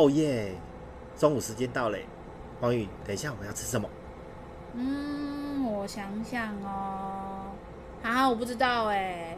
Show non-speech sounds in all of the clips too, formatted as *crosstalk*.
哦耶！Oh yeah, 中午時間到嘞，黃魚，等一下我們要吃什麼？嗯，我想想哦，啊，我不知道哎。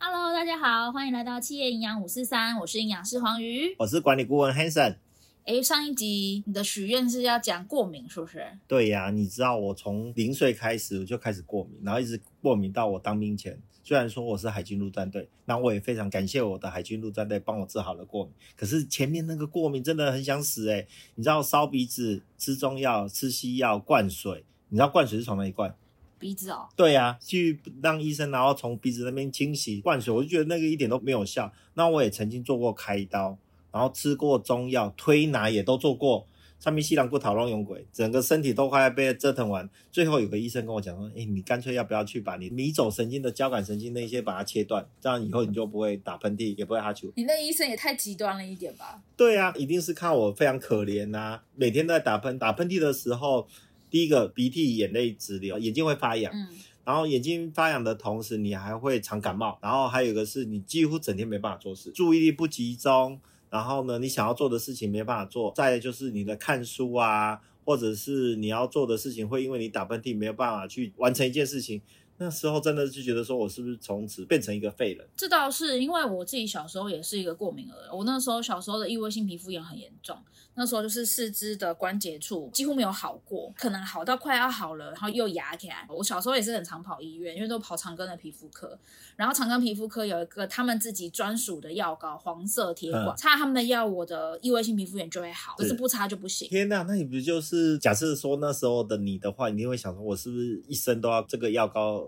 Hello，大家好，歡迎來到七葉營養五四三，我是營養師黃魚，我是管理顧問 Hanson。哎，上一集你的許願是要講過敏，是不是？對呀、啊，你知道我從零歲開始我就開始過敏，然後一直過敏到我當兵前。雖然說我是海軍陸戰隊，那我也非常感謝我的海軍陸戰隊幫我治好了過敏。可是前面那個過敏真的很想死哎、欸！你知道燒鼻子、吃中藥、吃西藥、灌水，你知道灌水是從哪裡灌？鼻子哦。對呀、啊，去讓醫生，然後從鼻子那邊清洗灌水，我就覺得那個一點都沒有效。那我也曾經做過開刀。然後吃過中藥，推拿也都做過，上面西蘭不討論用鬼，整個身體都快要被折騰完。最後有個醫生跟我講說：“誒，你乾脆要不要去把你迷走神經的交感神經那些把它切斷，這樣以後你就不會打噴嚏，嗯、也不會哈氣。”你那醫生也太極端了一點吧？對啊，一定是看我非常可憐吶、啊，每天都在打噴打噴，打噴嚏的時候，第一個鼻涕眼淚直流，眼睛會發癢，嗯、然後眼睛發癢的同時，你還會常感冒，然後還有一個是你幾乎整天沒辦法做事，注意力不集中。然後呢，你想要做的事情沒辦法做，再就是你的看書啊，或者是你要做的事情，會因為你打噴嚏沒有辦法去完成一件事情。那時候真的就覺得說，我是不是從此變成一個廢人？這倒是因為我自己小時候也是一個過敏兒，我那時候小時候的異位性皮膚炎很嚴重，那時候就是四肢的關節處幾乎沒有好過，可能好到快要好了，然後又牙起來。我小時候也是很常跑醫院，因為都跑長庚的皮膚科，然後長庚皮膚科有一個他們自己專屬的藥膏，黃色鐵管，擦、嗯、他們的藥，我的異位性皮膚炎就會好，是可是不擦就不行。天哪、啊，那你不就是假設說那時候的你的話，你一定會想說我是不是一生都要這個藥膏？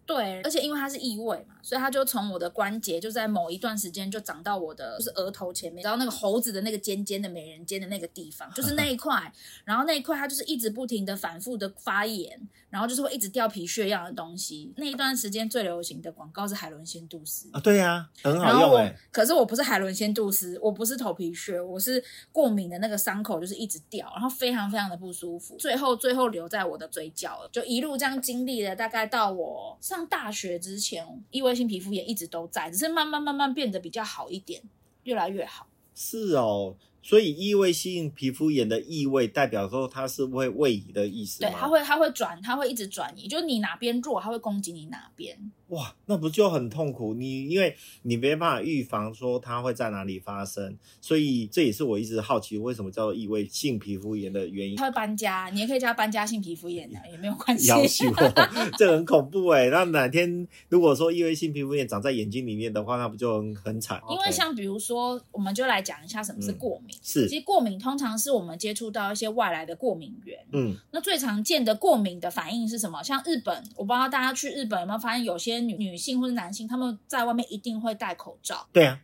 對，而且因為它是異位嘛，所以它就從我的關節就在某一段時間就長到我的就是額頭前面，然後那個猴子的那個尖尖的美人尖的那個地方，就是那一塊，呵呵然後那一塊它就是一直不停的反覆的發炎，然後就是會一直掉皮屑一樣的東西。那一段時間最流行的廣告是海倫仙度絲啊，對呀，啊，很好用，欸然後我。可是我不是海倫仙度絲，我不是頭皮屑，我是過敏的那個傷口就是一直掉，然後非常非常的不舒服，最後最後留在我的嘴角了，就一路這樣經歷了，大概到我上。大學之前，異位性皮膚炎一直都在，只是慢慢慢慢變得比較好一點，越來越好。是哦，所以異位性皮膚炎的異位代表說它是會位移的意思，對，它會它會轉，它會一直轉移，就是你哪邊弱，它會攻擊你哪邊。哇，那不就很痛苦？你因為你沒辦法預防說它會在哪裡發生，所以這也是我一直好奇為什麼叫做異位性皮膚炎的原因。它會搬家，你也可以叫它搬家性皮膚炎的，也沒有關係。咬死我這很恐怖哎！ *laughs* 那哪天如果說異位性皮膚炎長在眼睛裡面的話，那不就很很慘？因為像比如說，嗯、我們就來講一下什麼是過敏。嗯、是，其實過敏通常是我們接觸到一些外來的過敏源。嗯，那最常見的過敏的反應是什麼？像日本，我不知道大家去日本有沒有發現有些。女性或者男性，他們在外面一定會戴口罩。對啊，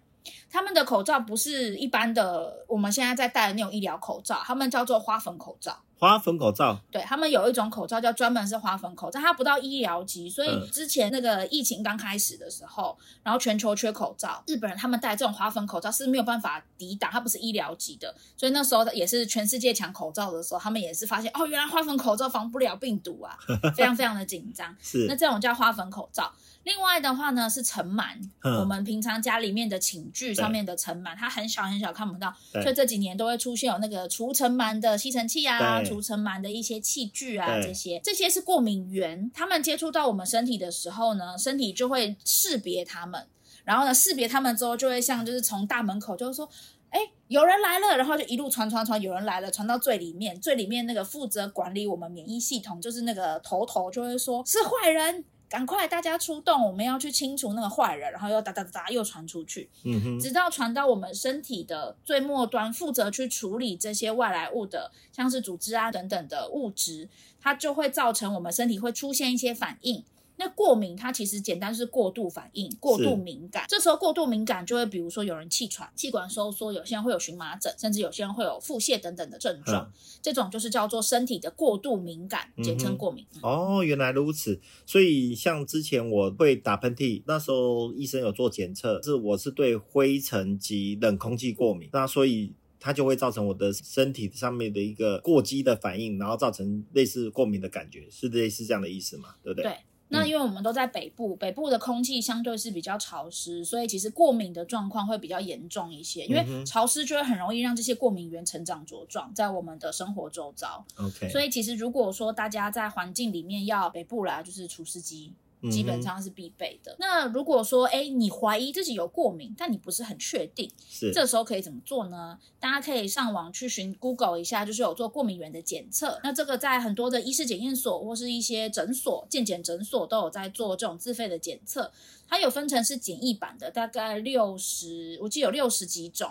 他們的口罩不是一般的，我們現在在戴的那種醫療口罩，他們叫做花粉口罩。花粉口罩，對，他們有一種口罩叫專門是花粉口罩，它不到醫療級，所以之前那個疫情剛開始的時候，嗯、然後全球缺口罩，日本人他們戴這種花粉口罩是沒有辦法抵擋，它不是醫療級的，所以那時候也是全世界搶口罩的時候，他們也是發現哦，原來花粉口罩防不了病毒啊， *laughs* 非常非常的緊張。是，那這種叫花粉口罩。另外的話呢是塵蟎，呵我們平常家裡面的寢具上面的塵蟎，對它很小很小看不到，對所以這幾年都會出現有那個除塵蟎的吸塵器啊，對除塵蟎的一些器具啊，對這些這些是過敏原，他們接觸到我們身體的時候呢，身體就會識別他們，然後呢識別他們之後就會像就是從大門口就是說，哎、欸，有人來了，然後就一路傳傳傳，有人來了，傳到最裡面，最裡面那個負責管理我們免疫系統就是那個頭頭就會說是壞人。趕快，大家出動！我們要去清除那個壞人，然後又噠噠噠又傳出去，嗯哼，直到傳到我們身體的最末端，負責去處理這些外來物的，像是組織啊等等的物質，它就會造成我們身體會出現一些反應。那過敏它其實簡單是過度反應、過度敏感，是這時候過度敏感就會比如說有人氣喘、氣管收縮，說有些人會有蕁麻疹，甚至有些人會有腹瀉等等的症狀，嗯、哼這種就是叫做身體的過度敏感，簡稱、嗯、哼過敏。哦，原來如此。所以像之前我會打噴嚏，那時候醫生有做檢測，是我是對灰塵及冷空氣過敏，那所以它就會造成我的身體上面的一個過激的反應，然後造成類似過敏的感覺，是類似這樣的意思嗎？對不對？對。那因為我們都在北部，嗯、北部的空氣相對是比較潮濕，所以其實過敏的狀況會比較嚴重一些。嗯、哼因為潮濕就會很容易讓這些過敏原成長茁壯在我們的生活周遭。OK，所以其實如果說大家在環境裡面要北部來，就是除濕機。基本上是必備的。嗯、哼那如果說，誒，你懷疑自己有過敏，但你不是很確定，是這時候可以怎麼做呢？大家可以上網去尋 Google 一下，就是有做過敏原的檢測。那這個在很多的醫事檢驗所或是一些診所、健檢診所都有在做這種自費的檢測。它有分成是簡易版的，大概六十，我記得有六十幾種。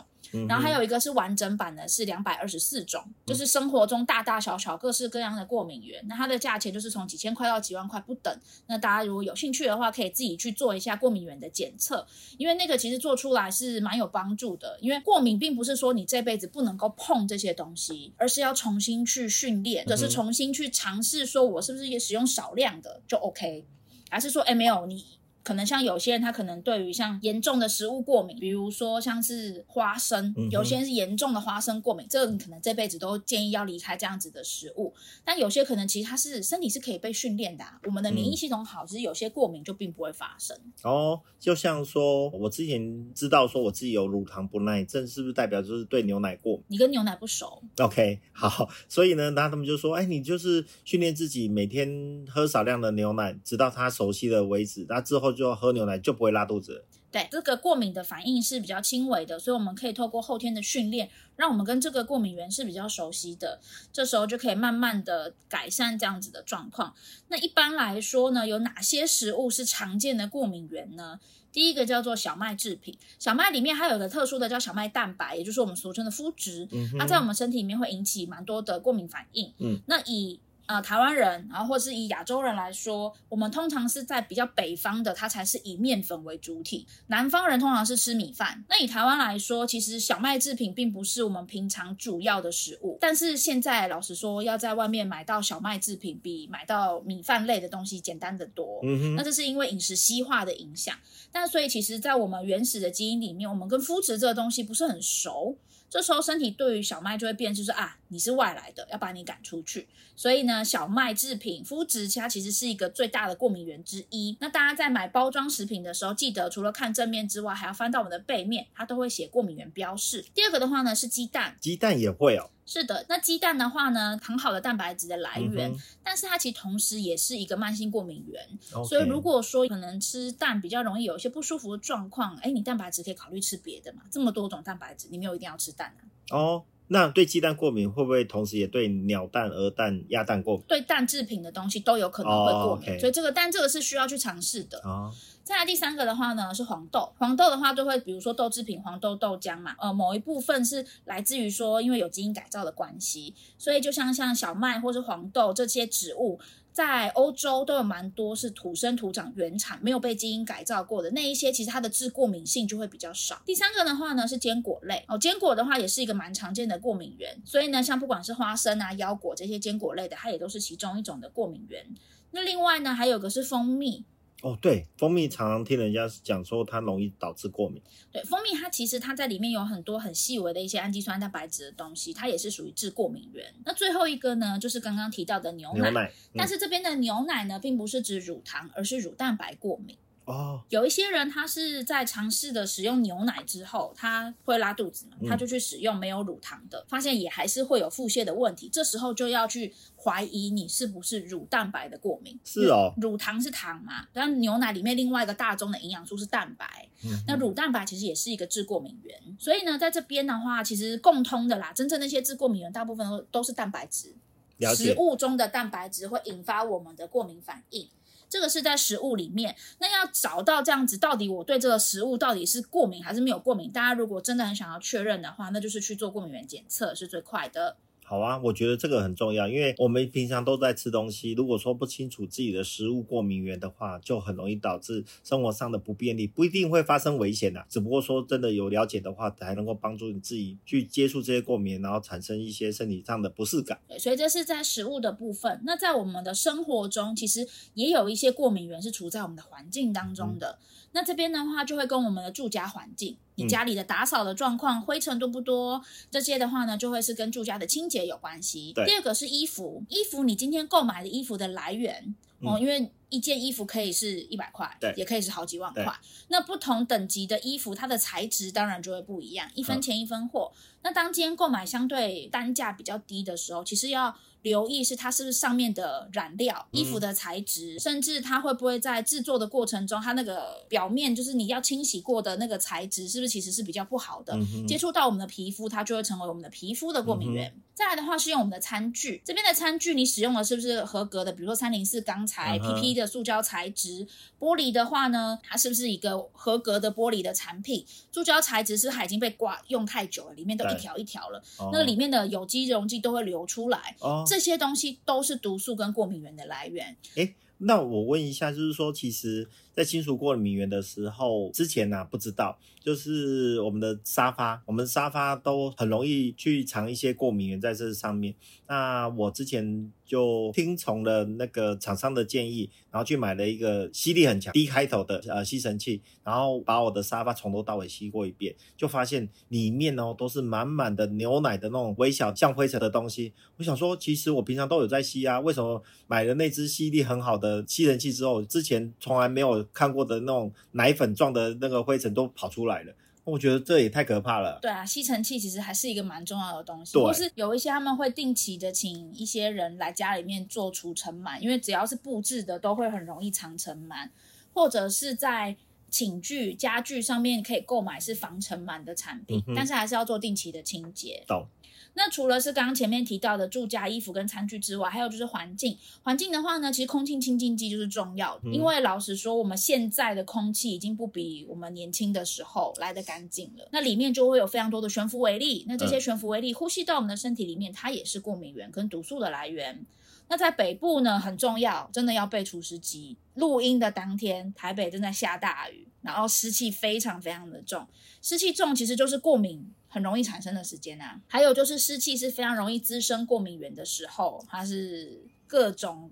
然後還有一個是完整版的，是兩百二十四種，就是生活中大大小小各式各樣的過敏原，那它的價錢就是從幾千塊到幾萬塊不等。那大家如果有興趣的話，可以自己去做一下過敏原的檢測，因為那個其實做出來是蠻有幫助的。因為過敏並不是說你這輩子不能夠碰這些東西，而是要重新去訓練，或，就是重新去嘗試，說我是不是也使用少量的就 OK，還是說 m、欸、沒有你。可能像有些人，他可能對於像嚴重的食物過敏，比如說像是花生，嗯、哼有些人是嚴重的花生過敏，這個你可能這輩子都建議要離開這樣子的食物。但有些可能其實他是身體是可以被訓練的，啊，我們的免疫系統好，嗯、其實有些過敏就並不會發生。哦，就像說我之前知道說我自己有乳糖不耐症，是不是代表就是對牛奶過敏？你跟牛奶不熟。OK，好，所以呢，那他們就說，哎，你就是訓練自己每天喝少量的牛奶，直到他熟悉了為止，那之後。就喝牛奶就不會拉肚子。對，這個過敏的反應是比較輕微的，所以我們可以透過後天的訓練，讓我們跟這個過敏源是比較熟悉的，這時候就可以慢慢的改善這樣子的狀況。那一般來說呢，有哪些食物是常見的過敏源呢？第一個叫做小麥製品，小麥裡面它有個特殊的叫小麥蛋白，也就是我們俗稱的麩質。嗯哼，它在我們身體裡面會引起蠻多的過敏反應。嗯，那以呃，台灣人，然後或是以亞洲人來說，我們通常是在比較北方的，它才是以麵粉為主體；南方人通常是吃米飯。那以台灣來說，其實小麥製品並不是我們平常主要的食物。但是現在，老實說，要在外面買到小麥製品，比買到米飯類的東西簡單得多。嗯哼，那這是因為飲食西化的影響。但所以，其實，在我們原始的基因裡面，我們跟麩質這個東西不是很熟。這時候身體對於小麥就會變，就是啊，你是外來的，要把你趕出去。所以呢，小麥製品、麩質，它其實是一個最大的過敏源之一。那大家在買包裝食品的時候，記得除了看正面之外，還要翻到我們的背面，它都會寫過敏源標示。第二個的話呢，是雞蛋，雞蛋也會哦。是的，那雞蛋的話呢，很好的蛋白質的來源，嗯、哼但是它其實同時也是一個慢性過敏原。Okay. 所以如果說可能吃蛋比較容易有一些不舒服的狀況，哎，你蛋白質可以考慮吃別的嘛，這麼多種蛋白質，你沒有一定要吃蛋啊。哦，oh, 那對雞蛋過敏會不會同時也對鳥蛋、鵝蛋、鴨蛋過敏？對蛋製品的東西都有可能會過敏，oh, okay. 所以這個但這個是需要去嘗試的啊。Oh. 再來第三個的話呢，是黃豆。黃豆的話就會，比如說豆製品、黃豆豆漿嘛，呃，某一部分是來自於說，因為有基因改造的關係，所以就像像小麥或是黃豆這些植物，在歐洲都有蠻多是土生土長原、原產沒有被基因改造過的那一些，其實它的致過敏性就會比較少。第三個的話呢，是堅果類哦，堅果的話也是一個蠻常見的過敏原，所以呢，像不管是花生啊、腰果這些堅果類的，它也都是其中一種的過敏原。那另外呢，還有個是蜂蜜。哦，oh, 對，蜂蜜常常聽人家講說它容易導致過敏。對，蜂蜜它其實它在裡面有很多很細微的一些氨基酸、蛋白質的東西，它也是屬於致過敏原。那最後一個呢，就是剛剛提到的牛奶，牛奶，嗯。但是這邊的牛奶呢，並不是指乳糖，而是乳蛋白過敏。哦，oh. 有一些人他是在嘗試的使用牛奶之後，他會拉肚子嘛，他就去使用沒有乳糖的，嗯。發現也還是會有腹瀉的問題。這時候就要去懷疑你是不是乳蛋白的過敏？是哦，乳糖是糖嘛，但牛奶裡面另外一個大宗的營養素是蛋白。嗯哼，那乳蛋白其實也是一個致過敏原，所以呢，在這邊的話，其實共通的啦，真正那些致過敏原大部分都都是蛋白質。了解。食物中的蛋白質會引發我們的過敏反應。這個是在食物裡面，那要找到這樣子，到底我對這個食物到底是過敏還是沒有過敏？大家如果真的很想要確認的話，那就是去做過敏原檢測是最快的。好啊，我覺得這個很重要，因為我們平常都在吃東西，如果說不清楚自己的食物過敏原的話，就很容易導致生活上的不便利，不一定會發生危險的、啊。只不過說真的，有了解的話，才能夠幫助你自己去接觸這些過敏原，然後產生一些身體上的不適感。所以這是在食物的部分，那在我們的生活中，其實也有一些過敏原是處在我們的環境當中的。嗯、那這邊的話，就會跟我們的住家環境。你家裡的打掃的狀況，嗯、灰塵多不多？這些的話呢，就會是跟住家的清潔有關係。對第二個是衣服，衣服你今天購買的衣服的來源。哦，嗯、因為一件衣服可以是一百塊，對，也可以是好幾萬塊。對那不同等級的衣服，它的材質當然就會不一樣，一分錢一分貨。好那當今天購買相對單價比較低的時候，其實要留意是它是不是上面的染料、衣服的材質，嗯、甚至它會不會在製作的過程中，它那個表面就是你要清洗過的那個材質，是不是其實是比較不好的？嗯、哼接觸到我們的皮膚，它就會成為我們的皮膚的過敏原。嗯、哼再來的話是用我們的餐具，這邊的餐具你使用的是不是合格的？比如說三零四鋼。材 PP 的塑膠材質，玻璃的話呢，它是不是一個合格的玻璃的產品？塑膠材質是它已經被刮用太久了，裡面都一條一條了，對那裡面的有機溶劑都會流出來，哦、這些東西都是毒素跟過敏原的來源。欸那我問一下，就是說，其實，在清除過敏原的時候，之前呢、啊、不知道，就是我們的沙發，我們沙發都很容易去藏一些過敏原在這上面。那我之前就聽從了那個廠商的建議，然後去買了一個吸力很強、D 開頭的呃吸塵器，然後把我的沙發從頭到尾吸過一遍，就發現裡面哦都是滿滿的牛奶的那種微小像灰塵的東西。我想說，其實我平常都有在吸啊，為什麼買的那隻吸力很好的？吸塵器之後，之前從來沒有看過的那種奶粉狀的那個灰塵都跑出來了，我覺得這也太可怕了。對啊，吸塵器其實還是一個蠻重要的東西，就對是有一些他們會定期的請一些人來家裡面做除塵蟎，因為只要是布置的都會很容易藏塵蟎，或者是在。寢具、家具上面可以購買是防塵蟎的產品，嗯、哼但是還是要做定期的清潔。哦、那除了是剛剛前面提到的住家衣服、跟餐具之外，還有就是環境。環境的話呢，其實空氣清淨機就是重要的，嗯、因為老實說，我們現在的空氣已經不比我們年輕的時候來得乾淨了。那裡面就會有非常多的懸浮微粒，那這些懸浮微粒、嗯、呼吸到我們的身體裡面，它也是過敏原跟毒素的來源。那在北部呢，很重要，真的要備除濕機。錄音的當天，台北正在下大雨，然後濕氣非常非常的重。濕氣重其實就是過敏很容易產生的時間吶、啊。還有就是濕氣是非常容易滋生過敏原的時候，它是各種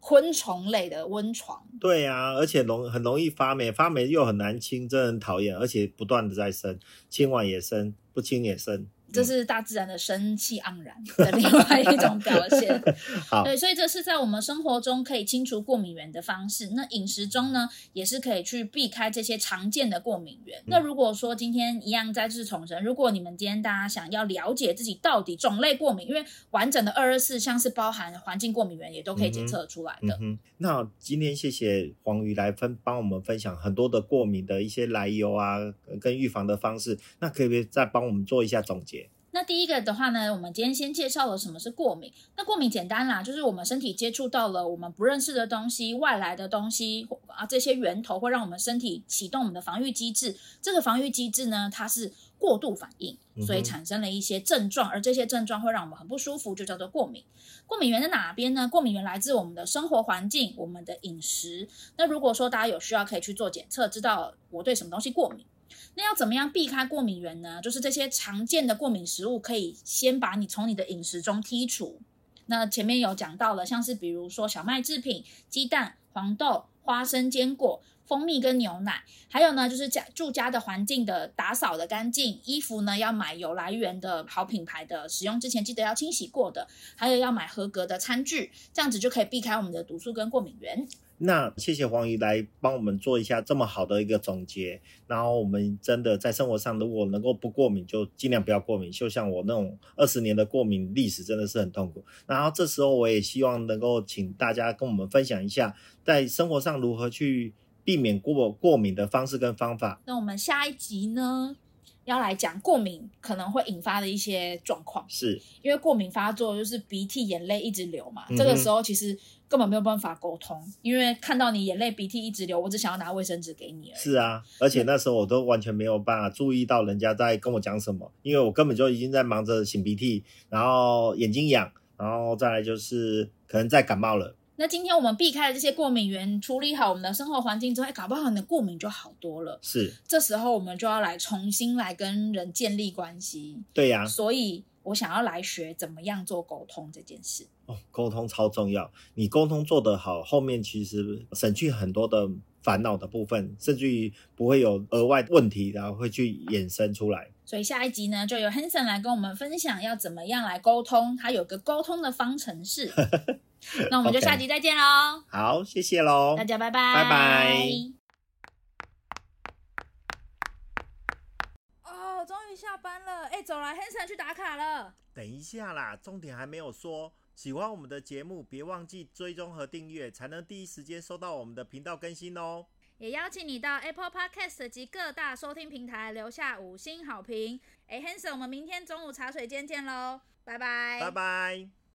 昆蟲類的溫床。對呀、啊，而且容很容易發霉，發霉又很難清，真的很討厭，而且不斷的在生，清完也生，不清也生。這是大自然的生氣盎然的另外一種表現， *laughs* 好對，所以這是在我們生活中可以清除過敏原的方式。那飲食中呢，也是可以去避開這些常見的過敏原。嗯、那如果說今天一樣再次重申，如果你們今天大家想要了解自己到底種類過敏，因為完整的二二四像是包含環境過敏原也都可以檢測出來的。嗯嗯、那今天謝謝黃魚來分幫我們分享很多的過敏的一些來由啊，跟預防的方式。那可不可以再幫我們做一下總結？那第一個的話呢，我們今天先介紹了什麼是過敏。那過敏簡單啦，就是我們身體接觸到了我們不認識的東西、外來的東西，啊，這些源頭會讓我們身體啟動我們的防禦機制。這個防禦機制呢，它是過度反應，所以產生了一些症狀，嗯、哼而這些症狀會讓我們很不舒服，就叫做過敏。過敏原在哪邊呢？過敏原來自我們的生活環境、我們的飲食。那如果說大家有需要，可以去做檢測，知道我對什麼東西過敏。那要怎麼樣避開過敏原呢？就是這些常見的過敏食物，可以先把你從你的飲食中剔除。那前面有講到了，像是比如說小麥製品、雞蛋、黃豆、花生、堅果、蜂蜜跟牛奶，還有呢就是家住家的環境的打掃的乾淨，衣服呢要買有來源的好品牌的，使用之前記得要清洗過的，還有要買合格的餐具，這樣子就可以避開我們的毒素跟過敏原。那謝謝黃魚來幫我們做一下這麼好的一個總結，然後我們真的在生活上如果能夠不過敏，就盡量不要過敏。就像我那種二十年的過敏歷史，真的是很痛苦。然後這時候我也希望能夠請大家跟我們分享一下，在生活上如何去避免過過敏的方式跟方法。那我們下一集呢，要來講過敏可能會引發的一些狀況，是因為過敏發作就是鼻涕、眼淚一直流嘛，嗯、哼這個時候其實。根本沒有辦法溝通，因為看到你眼淚鼻涕一直流，我只想要拿衛生紙給你而已。是啊，而且那時候我都完全沒有辦法注意到人家在跟我講什麼，因為我根本就已經在忙着擤鼻涕，然後眼睛癢，然後再來就是可能在感冒了。那今天我們避開了這些過敏原，處理好我們的生活環境之後，欸，搞不好你的過敏就好多了。是，這時候我們就要來重新來跟人建立關係。對呀，啊。所以。我想要來學怎麼樣做溝通這件事哦，溝通超重要。你溝通做得好，後面其實省去很多的煩惱的部分，甚至於不會有額外問題，然後會去衍生出來。所以下一集呢，就由 Hanson 來跟我們分享要怎麼樣來溝通，他有個溝通的方程式。 *laughs* 那我們就下集再見嘍。Okay. 好，謝謝嘍，大家拜拜，拜拜。下班了，哎、欸，走了，Hanson 去打卡了。等一下啦，重點還沒有說。喜歡我們的節目，別忘記追蹤和訂閱，才能第一時間收到我們的頻道更新哦。也邀請你到 Apple Podcast 及各大收聽平台留下五星好評。哎、欸，Hanson，我們明天中午茶水間見嘍，拜拜，拜拜。